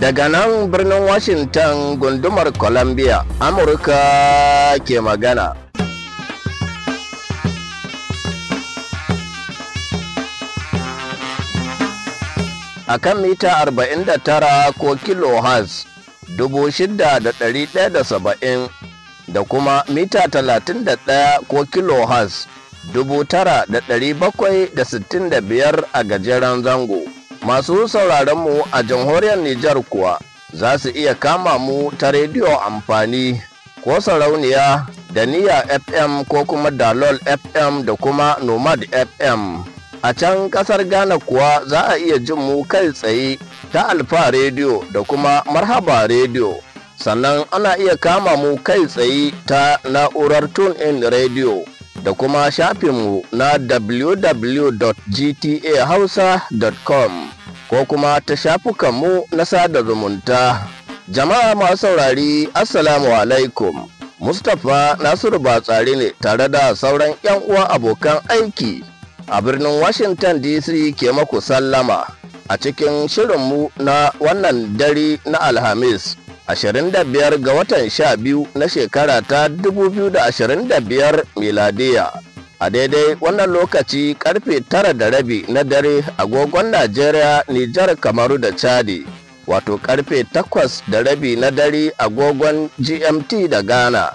daga nan birnin washington gundumar columbia amurka ke magana a kan mita 49 ko kilohertz 6,170 da kuma mita 31 ko kilohertz 9,765 a gajeren zango. Masu mu a jamhuriyar Nijar kuwa za su iya kama mu ta rediyo amfani ko sarauniya da niya FM ko kuma dalol FM da kuma nomad FM. A can kasar Ghana kuwa za a iya jin mu kai tsaye ta Alfa Radio da kuma Marhaba Radio. Sannan ana iya kama mu kai tsaye ta na'urar Tune In Radio. da kuma shafinmu na www.gtahausa.com ko kuma ta shafukanmu na sada zumunta. Jama'a masu saurari Assalamu alaikum. Mustapha Nasiru Batsari ne tare da sauran 'yan uwa abokan aiki a birnin Washington DC ke maku sallama a cikin shirinmu na wannan dare na Alhamis. 25 ga watan 12 na shekara ta 2025 miladiya. A daidai wannan lokaci karfe tara da rabi na dare agogon Najeriya, Nijar, Kamaru da Chadi. Wato karfe takwas da rabi na dare agogon GMT da Ghana.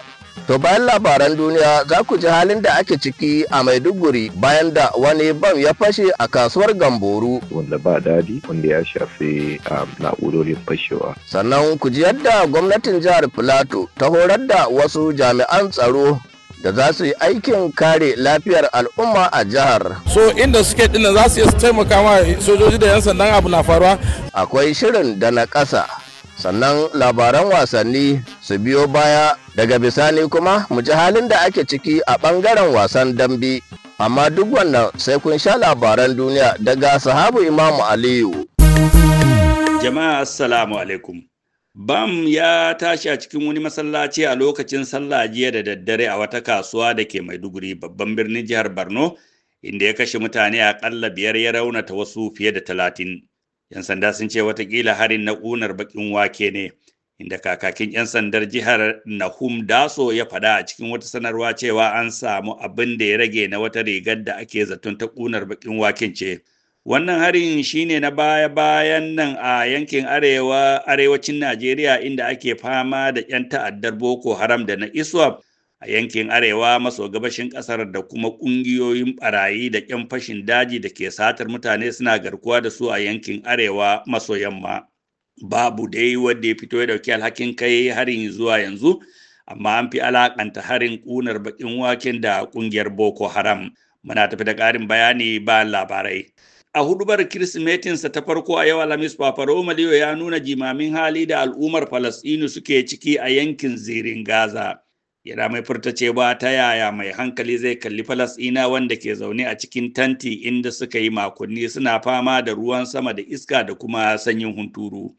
To bayan labaran duniya za ku ji halin da ake ciki a Maiduguri bayan da wani bam ya fashe a kasuwar Gamboru. Wanda ba dadi wanda ya shafi na'urorin fashewa. Sannan ku ji yadda gwamnatin jihar Filato ta horar da wasu jami'an tsaro da za su yi aikin kare lafiyar al'umma a jihar. So inda suke dinnan za su iya taimaka ma sojoji da 'yan sandan abu na faruwa. Akwai shirin da na ƙasa. sannan labaran wasanni su biyo baya daga bisani kuma mu ji halin da ake ciki a ɓangaren wasan dambe amma duk wannan sai kun sha labaran duniya daga sahabu imamu aliyu jama'a assalamu alaikum bam ya tashi a cikin wani masallaci a lokacin sallah jiya da daddare a wata kasuwa da ke maiduguri babban birnin jihar borno inda ya kashe mutane akalla biyar ya raunata wasu fiye da talatin 'Yan sanda sun ce watakila harin na ƙunar bakin wake ne, inda kakakin 'yan sandar jihar Nahum Daso ya faɗa a cikin wata sanarwa cewa an samu abin da ya rage na wata rigar da ake zaton ta ƙunar bakin waken ce. Wannan harin shine na baya-bayan nan a yankin arewa arewacin Najeriya inda ake fama da 'yan ta'addar Boko Haram da na ISWAP a yankin arewa maso gabashin kasar da kuma kungiyoyin barayi da yan fashin daji da ke satar mutane suna garkuwa da su a yankin arewa maso yamma babu dai wanda ya fito ya dauki alhakin kai harin zuwa yanzu amma an fi alakanta harin kunar bakin waken da kungiyar boko haram muna tafi da karin bayani ba labarai a hudubar kirsimetinsa ta farko a yau alhamis paparo maliyo ya nuna jimamin hali da al'ummar falasɗinu suke ciki a yankin zirin gaza yana mai furta ba ta yaya mai hankali zai kalli falasɗina wanda ke zaune a cikin tanti inda suka yi makonni suna fama da ruwan sama da iska da kuma sanyin hunturu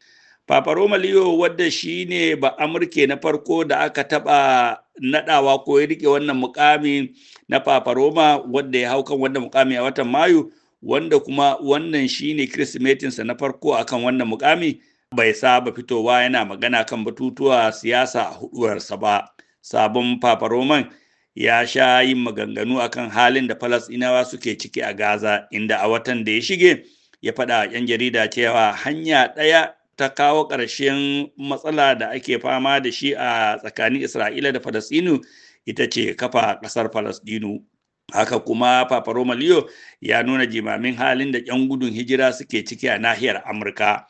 Papa Roma Leo wadda shi ne ba Amurke na farko da aka taba naɗawa ko ya rike wannan mukami na Papa Roma wadda ya hau kan wannan mukami a watan Mayu wanda kuma wannan shi ne Kirsimetinsa na farko akan wannan mukami bai saba fitowa yana magana kan batutuwa siyasa a huduwarsa ba. sabon Papa Roman ya sha yin maganganu akan halin da Falasɗinawa suke ciki a Gaza inda a watan da ya shige ya faɗa ‘yan jarida cewa hanya ɗaya ta kawo ƙarshen matsala da ake fama da shi a tsakanin Isra'ila da Falasɗinu ita ce kafa ƙasar Falasɗinu. Haka kuma Papa Leo ya nuna jimamin halin da ‘yan gudun hijira suke ciki a nahiyar Amurka.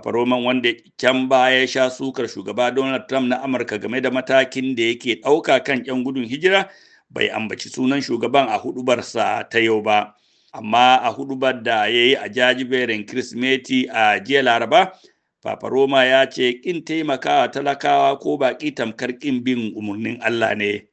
Roman wanda can baya ya sha sukar shugaba Donald Trump na Amurka game da matakin da yake ɗauka kan 'yan gudun hijira bai ambaci sunan shugaban a hudubarsa ta yau ba. Amma a hudubar da ya yi a jajiberin Kirsimeti a jiya Laraba, Fafaroma ya ce ƙin taimakawa talakawa ko baƙi tamkar ƙin bin umarnin Allah ne.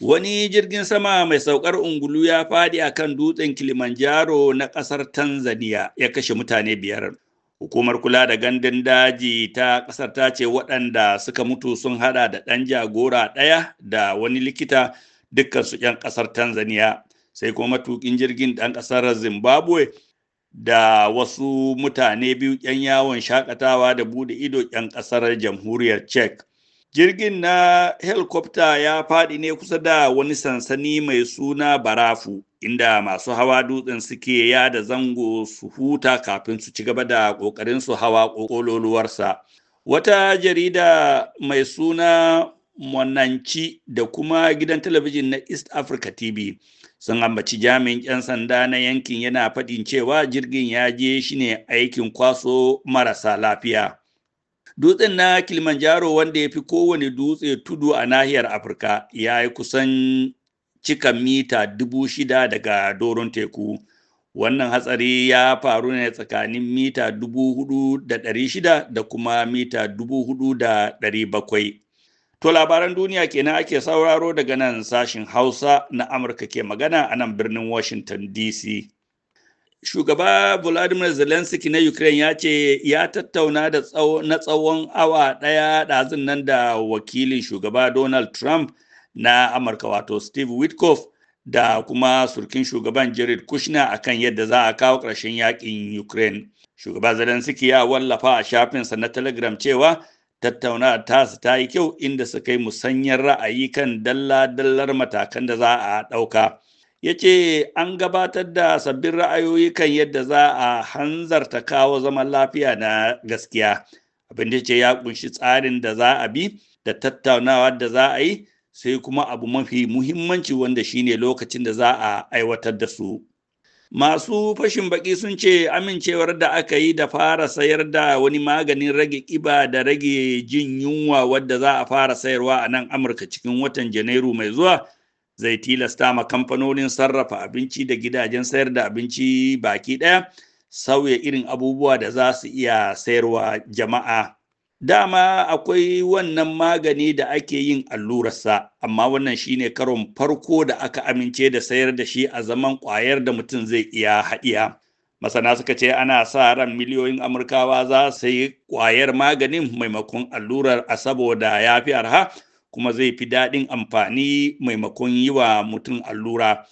Wani jirgin sama mai saukar ungulu ya faɗi akan dutsen Kilimanjaro na ƙasar Tanzania ya kashe mutane biyar. Hukumar kula da gandun daji ta ƙasar ta ce waɗanda suka mutu sun haɗa da ɗan jagora ɗaya da wani likita dukkansu 'yan ƙasar Tanzania, sai kuma matuƙin jirgin ɗan ƙasar Zimbabwe da wasu mutane biyu 'yan yawon shakatawa da buɗe ido 'yan ƙasar jamhuriyar Czech. jirgin na helikwafta ya faɗi ne kusa da wani sansani mai suna barafu inda masu hawa dutsen suke ya da zango su huta kafin su ci gaba da ƙoƙarin su hawa ƙololuwarsa wata jarida mai suna monanci da kuma gidan talabijin na east africa tv sun ambaci jami'in 'yan sanda na yankin yana faɗin cewa jirgin ya je shi ne aikin kwaso marasa lafiya Dutsen na Kilimanjaro wanda ya fi kowane dutse tudu a nahiyar Afirka ya yi kusan cika mita dubu shida daga doron teku. Wannan hatsari ya faru ne tsakanin mita dubu hudu da ɗari shida da kuma mita dubu hudu da ɗari bakwai. To labaran duniya kenan ake sauraro daga nan sashin Hausa na Amurka ke magana a nan birnin Washington DC. shugaba Volodymyr Zelensky na Ukraine ya ce ya tattauna da na tsawon awa ɗaya ɗazin nan da wakilin shugaba Donald Trump na Amurka wato Steve Witkoff da kuma surkin shugaban Jared Kushner kan yadda za a kawo ƙarshen yaƙin Ukraine. Shugaba Zelensky ya wallafa a shafinsa na Telegram cewa tattauna tasu ta yi kyau inda suka yi musanyar ra'ayi kan dalla-dallar matakan da za a ɗauka. ya ce an gabatar da sabbin ra'ayoyi kan yadda za a hanzarta kawo zaman lafiya na gaskiya abin da ce ya kunshi tsarin da za a bi da tattaunawa da za a yi sai kuma abu mafi muhimmanci wanda shine lokacin da za a aiwatar da su masu fashin baki sun ce amincewar da aka yi da fara sayar da wani maganin rage kiba da rage jin yunwa wadda za a fara sayarwa a nan amurka cikin watan janairu mai zuwa zai tilasta ma kamfanonin sarrafa abinci da gidajen sayar da abinci baki ɗaya sauya irin abubuwa da za su iya sayarwa jama'a dama akwai wannan magani da ake yin allurarsa amma wannan shine karon farko da aka amince da sayar da shi a zaman ƙwayar da mutum zai iya haɗiya masana suka ce ana sa ran miliyoyin amurkawa za su yi ƙwayar maganin maimakon allurar a saboda ya fi arha kuma zai fi daɗin amfani maimakon yi wa mutum allura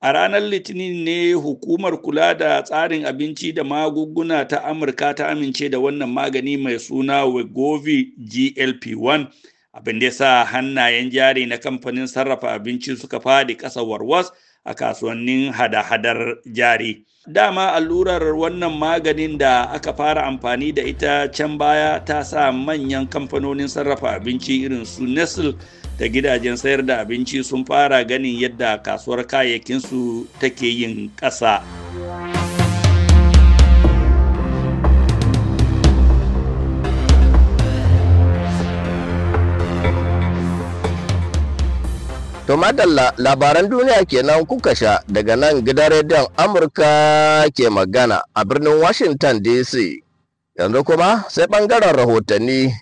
a ranar litinin ne hukumar kula da tsarin abinci da magunguna ta amurka ta amince da wannan magani mai suna wegovi glp-1 abin da ya sa hannayen jari na kamfanin sarrafa abinci suka fadi ƙasa warwas a kasuwannin hada-hadar jari dama allurar wannan maganin da aka fara amfani da ita can baya ta sa manyan kamfanonin sarrafa abinci irin su nestle da gidajen sayar da abinci sun fara ganin yadda kasuwar kayayyakinsu take yin ƙasa. To madalla labaran duniya kenan kuka sha daga nan gida rediyon Amurka ke magana a birnin Washington DC. Yanzu kuma sai ɓangaren rahotanni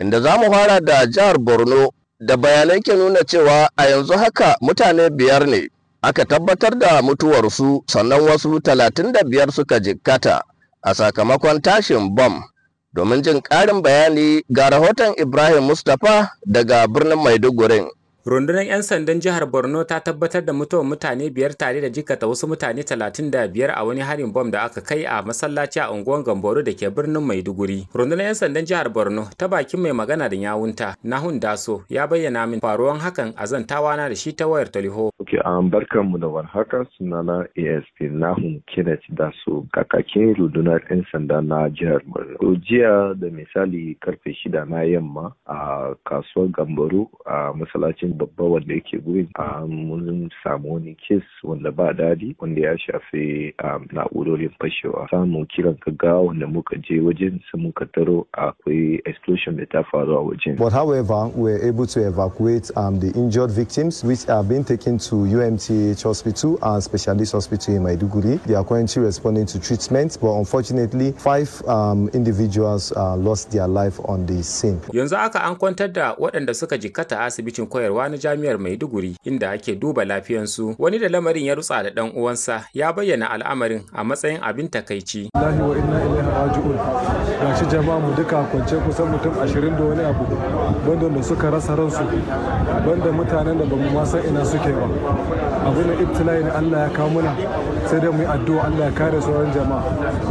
inda za mu fara da jihar Borno da bayanai ke nuna cewa a yanzu haka mutane biyar ne aka tabbatar da mutuwarsu sannan wasu talatin da biyar suka jikkata a sakamakon tashin bom. Domin jin ƙarin bayani ga rahoton Ibrahim Mustapha daga birnin Maiduguri. rundunar 'yan sandan jihar borno ta tabbatar da mutuwar mutane biyar tare da jikata wasu mutane 35 a wani harin bom da aka kai a masallaci a unguwar gamboro da ke birnin maiduguri rundunar 'yan sandan jihar borno ta bakin mai magana da yawunta nahun daso ya bayyana min faruwan hakan a zan na da shi ta wayar taliho ok an um, barkan mu da warhaka sunana asp nahun kenneth daso kakakin rundunar 'yan sanda na jihar borno jiya da misali karfe shida na yamma a kasuwar gamboro a masallacin babba wanda yake gurin um, mun samu wani wanda ba dadi wanda ya shafi um, na'urorin fashewa kiran gaggawa wanda muka je wajen muka taro akwai explosion da ta faru a wajen. But however, we were able to evacuate um, the injured victims which have been taken to UMTH hospital and specialist hospital in Maiduguri. They are currently responding to treatment but unfortunately five um, individuals uh, lost their life on the scene. Yanzu haka an kwantar da waɗanda suka jikkata asibitin koyarwa koyarwa na jami'ar Maiduguri inda ake duba lafiyansu. Wani da lamarin ya rutsa da dan uwansa ya bayyana al'amarin a matsayin abin takaici. Lahi wa inna ilaihi raji'un. Gashi jama'a mu duka kwance kusan mutum 20 da wani abu banda da suka rasa ransu banda mutanen da bamu ma san ina suke ba. Abu na ibtila'i ne Allah ya kawo mana sai dai mu yi addu'a Allah ya kare sauran jama'a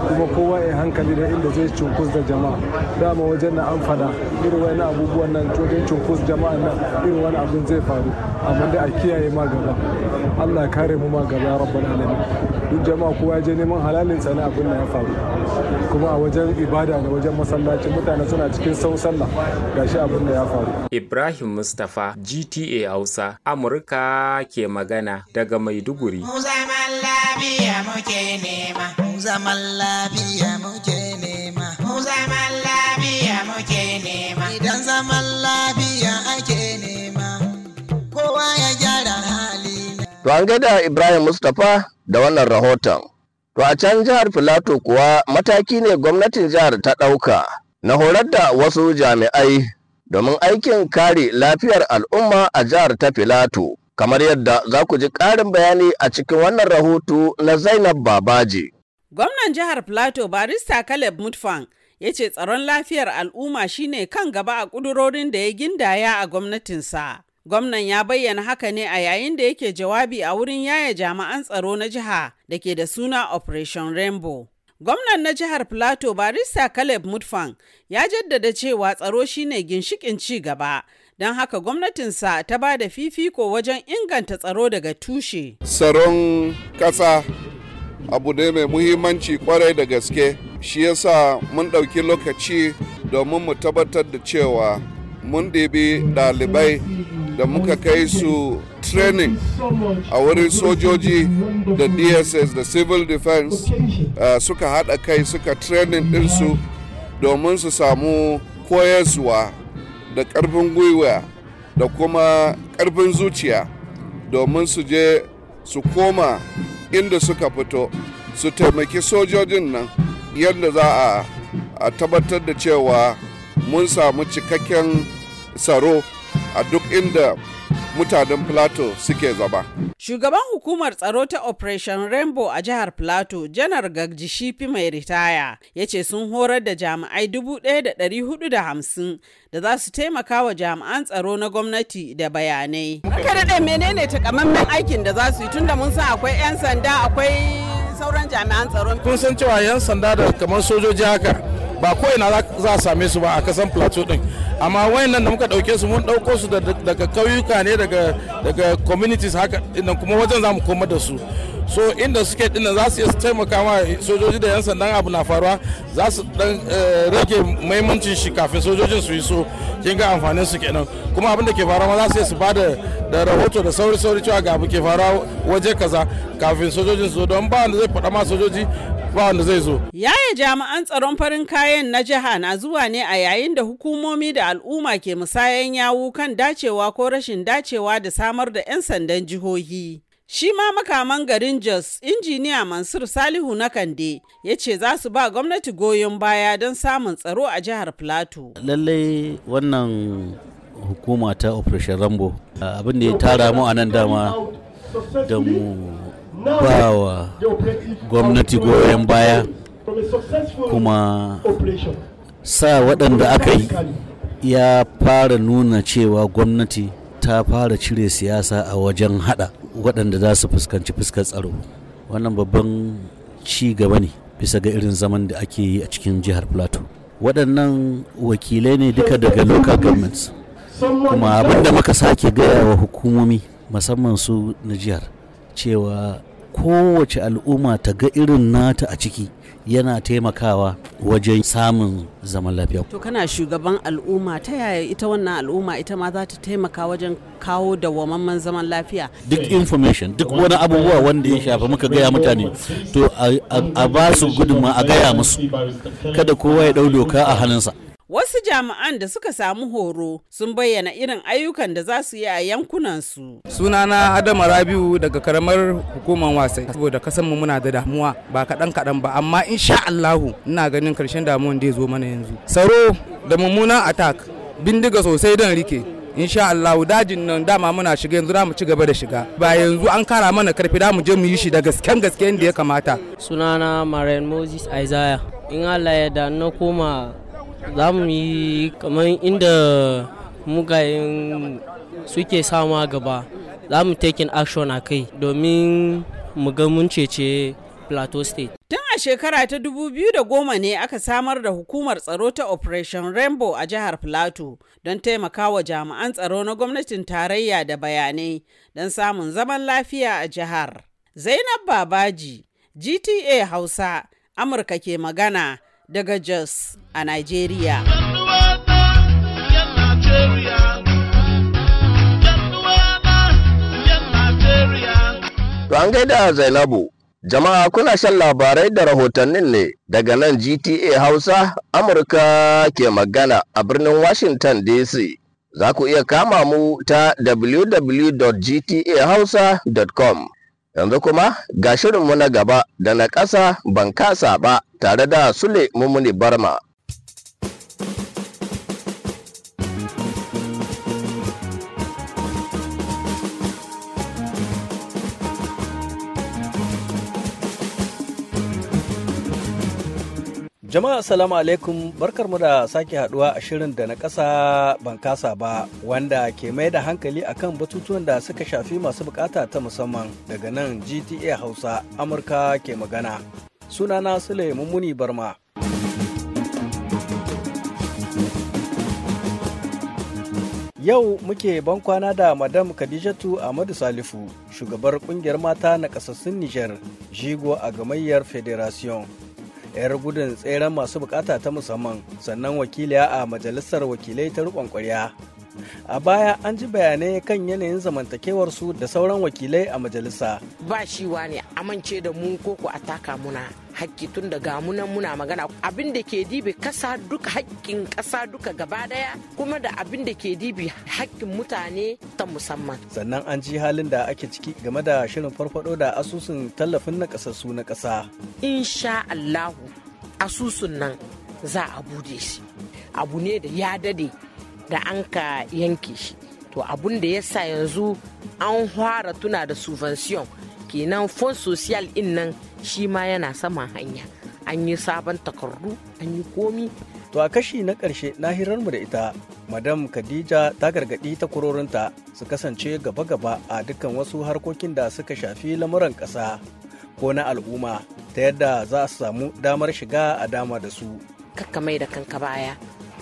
kuma kowa ya hankali da inda zai cunkus da jama'a dama wajen na an fada irin wani abubuwan nan wajen cunkus jama'a nan irin wani abu abin zai faru amma da a kiyaye ma gaba Allah ya kare mu ma gaba ya alamin duk jama'a kowa ya je neman halalin sana abin da ya faru kuma a wajen ibada da wajen masallaci mutane suna cikin sau sallah gashi abin da ya faru Ibrahim Mustafa GTA Hausa Amurka ke magana daga Maiduguri Mu zaman lafiya muke nema mu zaman lafiya muke To an gaida Ibrahim Mustapha da wannan rahoton. To a can jihar Filato kuwa mataki ne gwamnatin jihar ta ɗauka na horar da wasu jami'ai domin aikin kare lafiyar al'umma a jihar ta Filato. Kamar yadda za ku ji ƙarin bayani a cikin wannan rahoto na Zainab Babaji. Gwamnan jihar Filato Barista Caleb Mutfang ya ce tsaron lafiyar al'umma shine kan gaba a ƙudurorin da ya gindaya a gwamnatinsa. Gwamnan ya bayyana haka ne a yayin da yake jawabi a wurin yaya jami'an tsaro na jiha da ke da suna Operation Rainbow. Gwamnan na jihar Plateau Barista Caleb Mutfan ya jaddada cewa tsaro shine ginshikin ci gaba. Don haka gwamnatinsa ta ba da fifiko wajen inganta tsaro daga tushe. Tsaron ƙasa abu ne mai muhimmanci kwarai da gaske, shi yasa mun ɗauki lokaci domin mu tabbatar da cewa mun ɗebi ɗalibai da muka kai su training a wurin sojoji da dss da civil defense uh, suka haɗa kai suka training ɗinsu domin su samu koyarsuwa da ƙarfin gwiwa da kuma ƙarfin zuciya domin su je su koma inda suka fito su taimaki sojojin nan yadda za a tabbatar da cewa mun samu cikakken tsaro a duk inda mutanen plateau suke zama. Shugaban hukumar tsaro ta Operation Rainbow a jihar Plateau, Janar Gagji Shifi mai ritaya, ya ce sun horar da jami'ai 1,450 da za su taimaka wa jami'an tsaro na gwamnati da bayanai. Kada da menene takamaiman aikin da za su yi tunda mun san akwai 'yan sanda akwai sauran jami'an tsaro. Kun san cewa 'yan sanda da kamar sojoji haka ba ko ina za a same su ba a kasan Plateau din. amma wayannan da muka dauke su mun dauko su daga kauyuka ne daga daga communities haka inda kuma wajen zamu koma da su so inda suke dinnan za su iya taimaka ma sojoji da yan sandan abu na faruwa za su dan eh, rage maimancin shi kafin sojojin su yi so kin ga amfanin su kenan kuma abin da ke faruwa ma za su iya su ba da rahoto da sauri sauri cewa ga abu ke faruwa waje kaza kafin sojojin su don ba wanda zai faɗa ma sojoji ba wanda zai zo. Yaya jami'an tsaron farin kayan na jiha na zuwa ne a yayin da hukumomi da al'umma ke musayan yawu kan dacewa ko rashin dacewa da samar da 'yan sandan jihohi. Shi ma makaman garin Jos, injiniya Mansur Salihu na Kande, ya ce za su ba gwamnati goyon baya don samun tsaro a jihar Filato. Lallai wannan hukuma ta Operation Rambo, abin da ya tara mu a nan dama da mu ba wa gwamnati goyon baya kuma sa waɗanda aka yi ya fara nuna cewa gwamnati ta fara cire siyasa a wajen hada waɗanda za su fuskanci fuskar tsaro wannan babban ci gaba ne bisa ga irin zaman da ake yi a cikin jihar plateau waɗannan wakilai ne duka daga local governments kuma abin da muka sake gaya wa hukumomi musamman su na jihar cewa kowace al'umma ta ga irin nata a ciki yana taimakawa wajen samun zaman lafiya. To kana shugaban al'umma ta yaya ita wannan al'umma ita ma za ta taimaka wajen kawo dawwamamman zaman lafiya? Duk information duk wani abubuwa wanda ya shafa muka gaya mutane to a basu su gudunma a gaya musu kada kowa ya ɗau doka a hannunsa. Wasu jami'an da suka samu horo sun bayyana irin ayyukan da za su yi a yankunansu. Sunana Adama Rabiu daga karamar hukumar wasai. Saboda kasanmu muna da damuwa ba kaɗan kaɗan ba amma insha Allahu ina ganin karshen damuwan da zo mana yanzu. Tsaro da mummunan attack bindiga sosai don rike. insha allahu dajin nan dama muna shiga yanzu mu ci gaba da shiga ba yanzu an kara mana karfi da mu je mu yi shi da gasken gaske da ya kamata sunana Marian Moses Isaiah in Allah ya da na koma za mu yi kamar inda mugayen suke sama gaba za mu taken action a kai domin mu ga mun cece plateau state tun a shekara ta goma ne aka samar da hukumar tsaro ta operation rainbow a jihar plateau don taimakawa jami'an tsaro na gwamnatin tarayya da bayanai don samun zaman lafiya a jihar zainab babaji gta hausa amurka ke magana daga Jos a Nigeria. To an gaida Zainabu, jama'a kuna shan labarai da rahotannin ne daga nan GTA Hausa Amurka ke magana a birnin Washington DC. Za ku iya kama mu ta www.gtahausa.com yanzu kuma ga shirinmu na gaba da na ƙasa ban kasa ba tare da sule mummuni barma Jama'a salamu alaikum barkarmu da sake haduwa a shirin da na kasa ban kasa ba wanda ke mai da hankali akan batutuwan da suka shafi masu bukata ta musamman daga nan GTA Hausa Amurka ke magana. Sunana Sule Mummuni Barma. Yau muke bankwana da Madam Khadijatu Ahmadu Salifu, shugabar kungiyar mata na kasassun Nijar, jigo a gamayyar Federation. 'yar gudun tseren masu bukata ta musamman sannan wakiliya a majalisar wakilai ta riƙon ƙwarya a baya an ji bayanai kan yanayin zamantakewarsu da sauran wakilai a majalisa ba shi a amince da mu ko ku a taka muna hakki tun da gamunan muna magana abin da ke dibi kasa duka hakkin kasa duka gaba daya kuma da abin da ke dibi hakkin mutane ta musamman sannan an ji halin da ake ciki game da shirin farfado da asusun tallafin na kasassu na kasa insha Allahu asusun nan za a bude shi abu ne da ya dade da an ka yanke shi to abun da ya sa yanzu an fara tuna da subvention kenan fon social in nan shi ma yana saman hanya an yi sabon takardu an yi komi to a kashi na ƙarshe na hirarmu da ita madam khadija ta gargaɗi ta su kasance gaba-gaba a dukkan wasu harkokin da suka shafi lamuran ƙasa ko na al'umma ta yadda za su samu damar shiga a dama da su kakka mai da kanka baya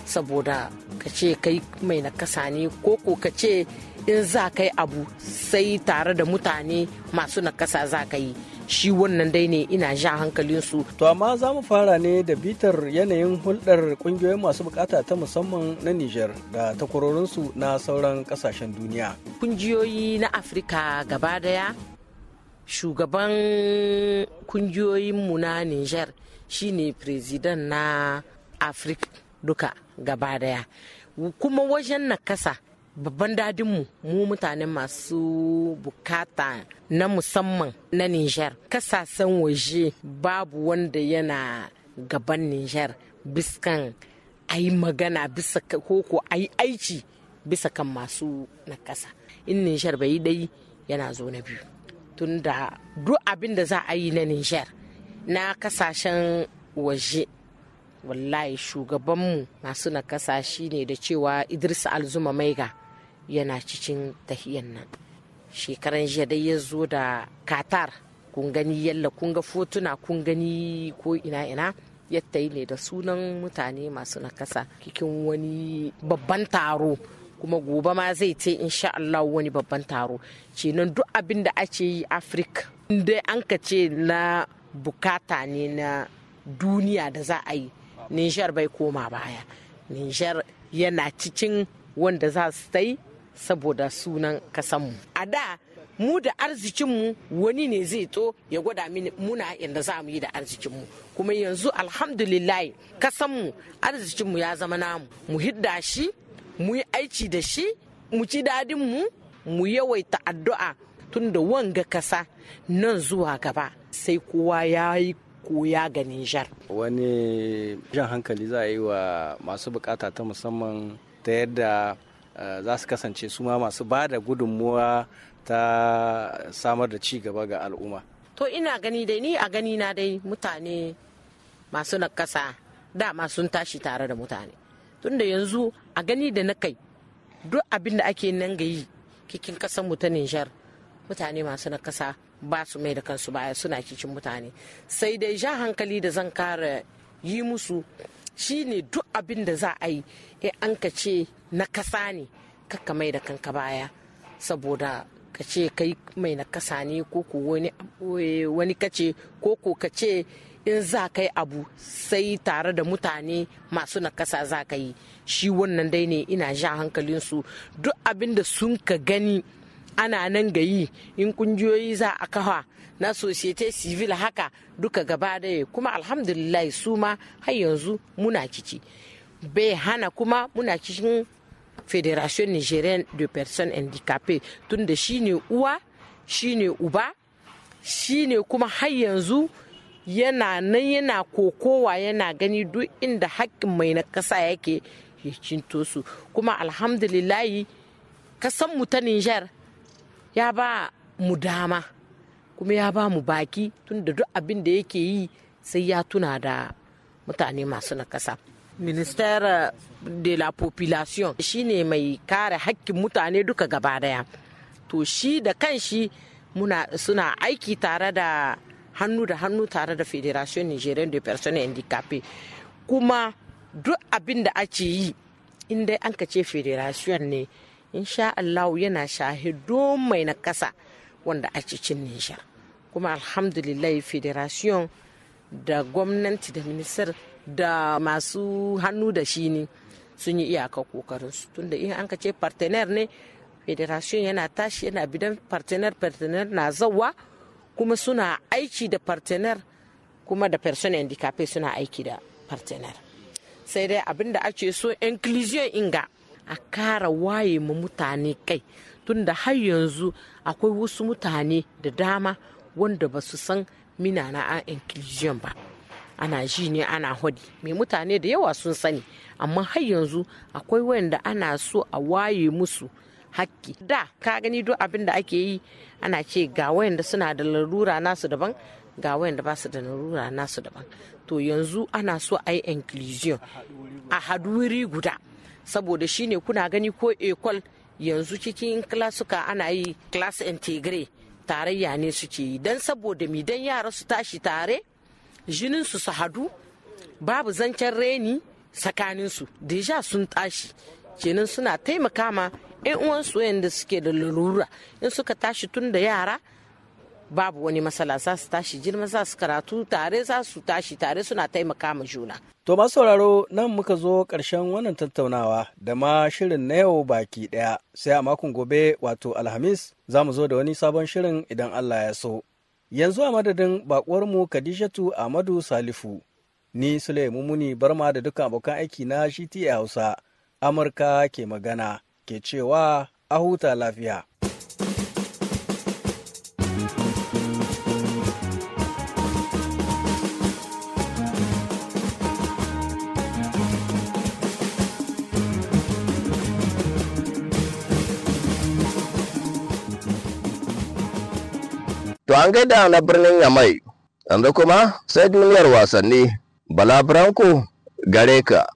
saboda ka ce kai mai nakasa ne ko ko ka ce in za ka yi abu sai tare da mutane masu nakasa za ka yi shi wannan dai ne ina ja hankalinsu. To amma za mu fara ne da bitar yanayin hulɗar ƙungiyoyin masu bukata ta musamman na Nijar da takwarorinsu na sauran ƙasashen duniya. ƙungiyoyi na Afirka gaba daya shugaban ƙungiyoyinmu na Nijar shine ne na Afirka duka. gaba daya kuma wajen na kasa babban dadinmu mu mutane masu bukata na musamman na Nijar. Kasasen waje babu wanda yana gaban Nijar biskan a magana bisa koko a yi aiki bisa kan masu na kasa. In Nijar bai dai yana zo na biyu. Tunda duk abin da za a yi na Nijar na kasashen waje wallahi shugabanmu masu nakasa shine da cewa idris alzuma maiga yana cikin tahiyan nan shekaran jiya dai ya zo da katar kun gani yalla kun ga fotuna kun gani ko ina ina yadda ne da sunan mutane masu nakasa cikin wani babban taro kuma gobe ma zai ce insha Allah wani babban taro kenan duk abin da ake yi afirka dai an ka ce na bukata ne na duniya da za a yi Nijar bai koma baya. Nijar yana cikin wanda za su tai saboda sunan kasanmu. A da mu da arzikinmu wani ne zai to ya gwada mini muna inda za mu yi da arzikinmu kuma yanzu alhamdulillahi kasanmu arzikinmu ya zama namu mu hidda shi mu yi aiki da shi mu ci dadinmu mu yawaita addu'a tun da wanga kasa nan zuwa gaba sai kowa ya yi koya ga Nijar. Wani jan hankali za a yi wa masu bukata ta musamman ta yadda eh, za su kasance su ma masu ba da gudunmuwa ta samar da ci gaba ga al'umma. To ina gani dai ni a gani na dai mutane masu nakasa dama sun tashi tare da mutane. Tunda yanzu a gani da na kai duk abin da ake nan ga yi kikin kasan mu ta Nijar mutane masu kasa ba su mai da kansu baya suna cikin mutane sai dai ja hankali da zan kara yi musu shine duk abin da za a yi in an ka ce na kasa ne kakka mai da kanka baya saboda ka ce kai mai na kasa ne ko ko wani kace ko ko ka ce in za ka yi abu sai tare da mutane masu na kasa za ka yi shi wannan dai ne ina ja hankalinsu duk abin da sun ka gani ana nan ga yi in kungiyoyi za a kafa na societe civil haka duka gaba daya kuma alhamdulillah su ma har yanzu muna ciki bai hana kuma muna cikin federation nigerian de tun da tunda shine uwa shine uba shine kuma har yanzu yana nan yana kokowa yana gani duk inda haƙƙin mai na ƙasa yake ya cinto su kuma alhamdulillahi kasan mu ta ya ba mu dama kuma ya ba mu baki tun da duk abin da yake yi sai ya tuna da mutane masu nakasa. minister de la population ne mai kare hakkin mutane duka gaba daya to shi da kanshi muna suna aiki tare da hannu da hannu tare da federation nigerian de personnes handicapées kuma duk abin da ake yi in an ka ce federation ne insha Allahu yana shahido mai na kasa wanda a cikin Nijar kuma alhamdulillah federation da gwamnati da ministar da masu hannu da shi ne sun yi iyaka kokarin kokarinsu tunda in an ka ce partenaire ne federation yana tashi yana bidan partenaire partenaire na zawa kuma suna aiki da partenaire kuma da personne handicap suna aiki da partenaire sai dai abinda ake so inclusion inga a kara waye mu mutane kai tunda har yanzu akwai wasu mutane da dama wanda ba su san mina na inclusion ba ana ji ne ana hodi mai mutane da yawa sun sani amma har yanzu akwai wanda ana so a waye musu hakki da ka gani duk abin da ake yi ana ce ga wayanda suna da larura nasu daban ga wayanda ba su da larura nasu daban to yanzu ana so a yi inclusion a haduri wuri guda saboda shine kuna gani ko ekol yanzu cikin klasuka ana yi class integre tarayya ne suke yi don saboda mi don yara su tashi tare jinin su su hadu babu zancen reni tsakaninsu deja sun tashi kenan suna taimaka ma 'yan uwansu wayanda suke da lalura in suka tashi tun da yara babu wani matsala za su tashi jirma za su karatu tare za su tashi tare suna taimaka ma juna. To masu sauraro nan muka zo ƙarshen wannan tattaunawa da ma shirin na yau baki ɗaya sai a makon gobe wato alhamis za mu zo da wani sabon shirin idan Allah ya so. Yanzu a madadin mu Khadijatu Ahmadu Salifu ni Sulaimu muni Barma da dukkan abokan aiki na a Hausa Amurka ke magana ke cewa a huta lafiya. To an gaida na birnin Yamai, yanzu kuma sai duniyar wasanni, Bala Branko gare ka.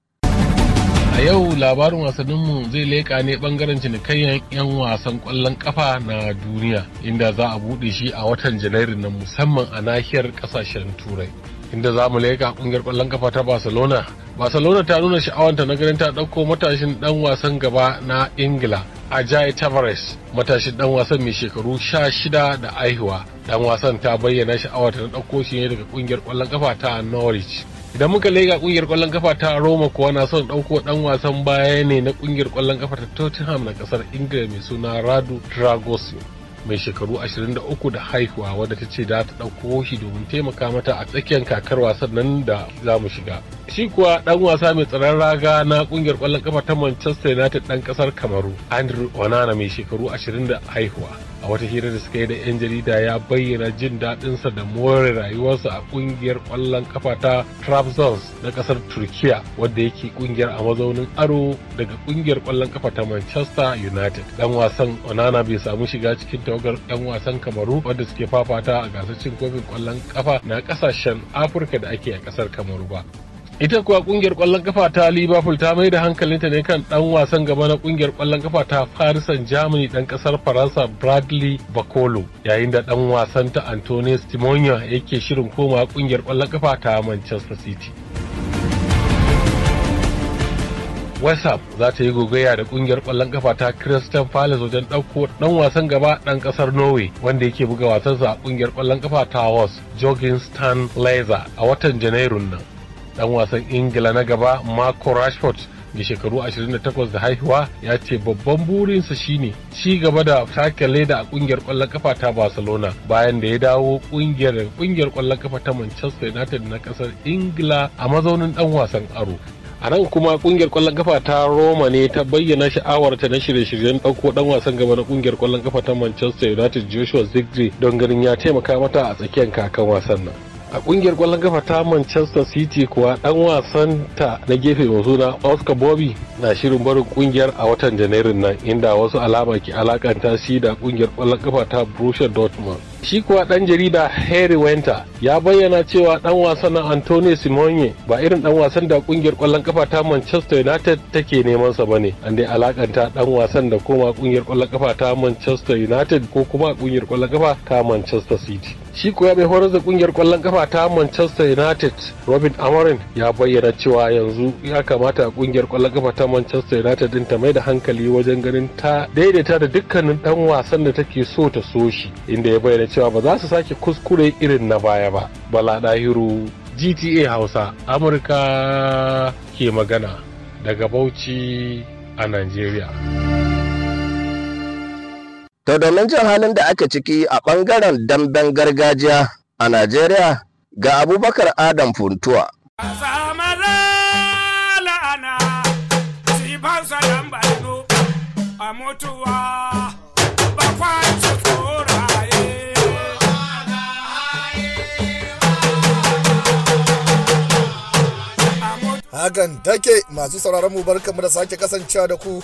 A yau labarin wasanninmu zai leƙa ne ɓangaren cinikayyar 'yan wasan ƙwallon ƙafa na duniya, inda za a buɗe shi a watan Janairu na musamman a nahiyar ƙasashen Turai. inda za mu leka kungiyar kwallon kafa ta barcelona barcelona ta nuna sha'awanta na ganin ta ɗauko matashin ɗan wasan gaba na ingila ajay tavares matashin ɗan wasan mai shekaru sha shida da aihuwa ɗan wasan ta bayyana sha'awanta na ɗauko shi ne daga kungiyar kwallon kafa ta norwich idan muka lega kungiyar kwallon kafa ta Roma kuwa na son ɗauko ɗan wasan baya ne na kungiyar kwallon kafa ta Tottenham na ƙasar Ingila mai suna Radu Dragosio mai shekaru 23 da haihuwa wadda ta ce za ta ɗauko shi domin taimaka mata a tsakiyar kakar wasan nan da za mu shiga. Shi kuwa ɗan wasa mai tsaron raga na ƙungiyar ƙwallon ƙafa ta Manchester United ɗan ƙasar Kamaru, Andrew Onana mai shekaru 20 da haihuwa. wata hira da suka yi da 'yan jarida ya bayyana jin daɗinsa da more rayuwarsa a ƙungiyar ƙwallon kafa ta Trabzons na ƙasar Turkiya wadda yake ƙungiyar a mazaunin aro daga ƙungiyar ƙwallon kafa ta Manchester United. Ɗan wasan Onana bai samu shiga cikin tawagar ɗan wasan Kamaru wadda suke fafata a gasar cin kofin ƙwallon kafa na ƙasashen Afirka da ake a ƙasar Kamaru ba. ita kuwa kungiyar kwallon kafa ta liverpool ta mai da ta ne kan dan wasan gaba na kungiyar kwallon kafa ta paris saint germany dan kasar faransa bradley bacolo yayin da dan wasan ta antonio stimonia yake shirin koma kungiyar kwallon kafa ta manchester city west ham za ta yi gogaya da kungiyar kwallon kafa ta Christian palace wajen ɗauko ɗan wasan gaba ɗan ƙasar norway wanda yake buga wasansa a kungiyar kwallon kafa ta was jorgenstan laser a watan janairun nan dan wasan ingila na gaba marco rashford da shekaru 28 da haihuwa ya ce babban burinsa shine ci gaba da take leda a kungiyar kwallon kafa ta barcelona bayan da ya dawo kungiyar kungiyar kwallon kafa ta manchester united na kasar ingila a mazaunin dan wasan aro a nan kuma kungiyar kwallon kafa ta roma ne ta bayyana sha'awarta na shirye-shiryen ɗauko ɗan wasan gaba na kungiyar kwallon kafa ta manchester united joshua zigri don ganin ya taimaka mata a tsakiyar kakan wasan nan a kungiyar kwallon kafa ta manchester city kuwa dan wasan ta na gefe mai suna oscar bobby na shirin barin kungiyar a watan janairun nan inda wasu alama ke alakanta shi da kungiyar kwallon kafa ta borussia dortmund Shi kuwa ɗan jarida Harry Winter ya bayyana cewa dan wasan na Antonio Simonye ba irin dan wasan da kungiyar kwallon kafa ta Manchester United take neman sa bane. An dai alakanta dan wasan da koma kungiyar kwallon kafa ta Manchester United ko kuma kungiyar kwallon kafa ta Manchester City. Shi kuwa mai horar da kungiyar kwallon kafa ta Manchester United Robin amarin ya bayyana cewa yanzu ya kamata kungiyar kwallon kafa ta Manchester United din ta mai da hankali wajen ganin ta daidaita da dukkanin dan wasan da take so ta so shi inda ya bayyana cewa ba za su sake kuskure irin na baya ba bala dahiru gta hausa amurka ke magana daga bauchi a nigeria to domin jin halin da aka ciki a ɓangaren damben gargajiya a nigeria ga abubakar adam funtuwa hakan take masu sauraron mu barkamu da sake kasancewa da ku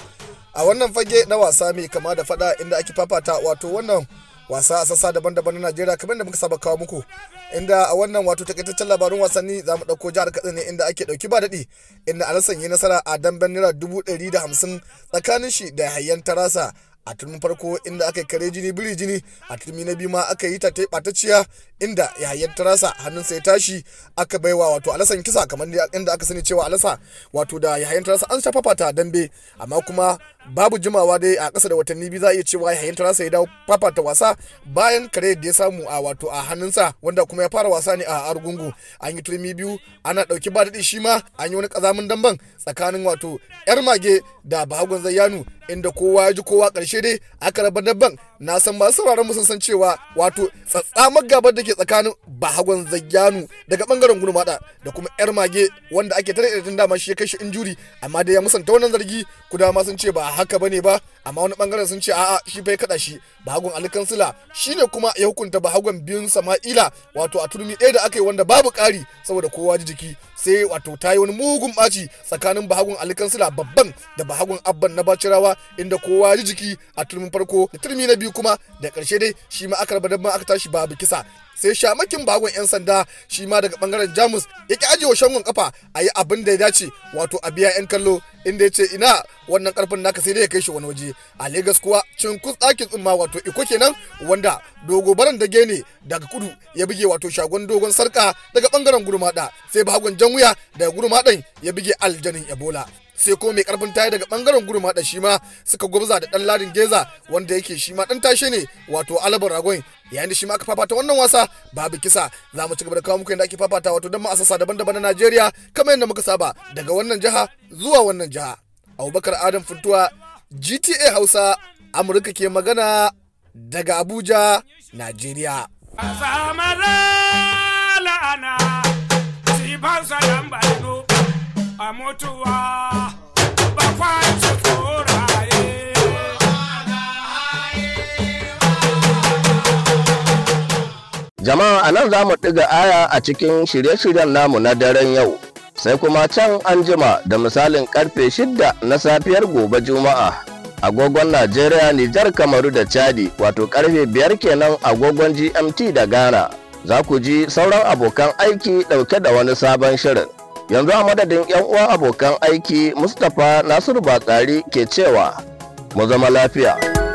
a wannan fage na wasa mai kama da fada inda ake fafata wato wannan wasa a sassa daban-daban na Najeriya kamar da muka saba kawo muku inda a wannan wato takaitaccen labarun wasanni za mu ɗauko jihar Katsina inda ake ɗauki ba daɗi inda Alasan yi nasara a damben naira dubu ɗari da hamsin tsakanin shi da hayyan tarasa a turmin farko inda aka yi kare jini biri jini a turmi na biyu ma aka yi ta ta ɓatacciya inda yayin tarasa hannunsa ya tashi aka baiwa wato alasan kisa kamar inda aka sani cewa alasa wato da yayin tarasa an shafafa ta dambe amma kuma babu jimawa dai a ƙasa da watanni biyu za a iya cewa yayin tarasa ya dawo fafata wasa bayan kare da ya samu a wato a hannunsa wanda kuma ya fara wasa ne a argungu an yi turmi biyu ana ɗauki ba daɗi shi ma an yi wani ƙazamin damban tsakanin wato yar mage da bahagon zayyanu inda kowa ya ji kowa ƙarshe dai aka raba dabban na san masu sauraron mu sun san cewa wato tsatsamar gabar da ke tsakanin bahagon zagyanu daga bangaren gurmada da kuma yar mage wanda ake tare da dama shi ya kai shi injuri amma dai ya musanta wannan zargi ku dama sun ce ba haka bane ba amma wani bangaren sun ce a'a shi fa ya kada shi bahagon alkansila shine kuma ya hukunta bahagon biyun sama'ila wato a turmi ɗaya da aka yi wanda babu ƙari saboda kowa ji jiki sai wato ta yi wani mugun ɓaci tsakanin bahagon alkansila babban da bahagon abban na bacirawa inda kowa ji jiki a turmin farko da turmi na biyu biyu kuma da karshe dai shi ma aka raba dabban aka tashi babu kisa sai shamakin bagon 'yan sanda shi ma daga bangaren jamus ya ki ajiye shangon kafa a yi abin da ya dace wato a biya 'yan kallo inda ya ce ina wannan karfin naka sai dai ya kai shi wani waje a legas kuwa kus ɗakin tsumma wato iko kenan wanda dogo baran da gene daga kudu ya bige wato shagon dogon sarka daga bangaren gurmada sai bagon jan wuya daga gurmadan ya bige aljanin ebola sai ko mai karfin tayi daga bangaren gurum hada shima suka gwabza da dan ladin geza wanda yake shi ma dan tashe ne wato alabar ragon yayin da shi aka fafata wannan wasa babu kisa za mu ci gaba da kawo muku yadda ake fafata wato dan ma'asasa daban-daban na Najeriya kamar yadda muka saba daga wannan jiha zuwa wannan jiha Abubakar Adam Funtuwa GTA Hausa Amurka ke magana daga Abuja Najeriya a mutuwa Jama'a a nan za mu ɗiga aya a cikin shirye-shiryen namu na daren yau, sai kuma can an jima da misalin karfe shidda na safiyar gobe Juma'a. Agogon Najeriya, Nijar, Kamaru da Chadi wato karfe biyar kenan agogon GMT da Ghana. Za ku ji sauran abokan aiki ɗauke da wani sabon shirin. Yanzu a madadin 'yan uwan abokan aiki Mustapha Nasiru Batsari ke cewa mu zama lafiya.